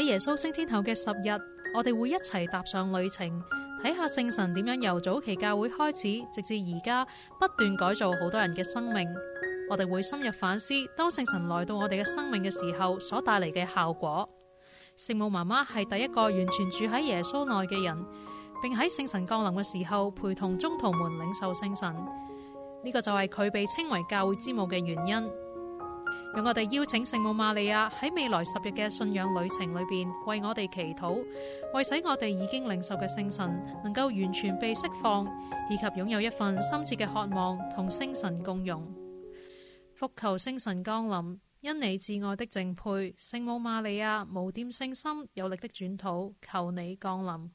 喺耶穌升天後嘅十日，我哋會一齊踏上旅程，睇下聖神點樣由早期教會開始，直至而家不斷改造好多人嘅生命。我哋會深入反思，當聖神來到我哋嘅生命嘅時候，所帶嚟嘅效果。聖母媽媽係第一個完全住喺耶穌內嘅人，並喺聖神降臨嘅時候陪同宗徒們領受聖神。呢、這個就係佢被稱為教會之母嘅原因。讓我哋邀請聖母瑪利亞喺未來十日嘅信仰旅程裏邊為我哋祈禱，為使我哋已經領受嘅聖神能夠完全被釋放，以及擁有一份深切嘅渴望同聖神共融。伏求聖神降臨，因你至愛的淨配，聖母瑪利亞無玷聖心有力的轉禱，求你降臨。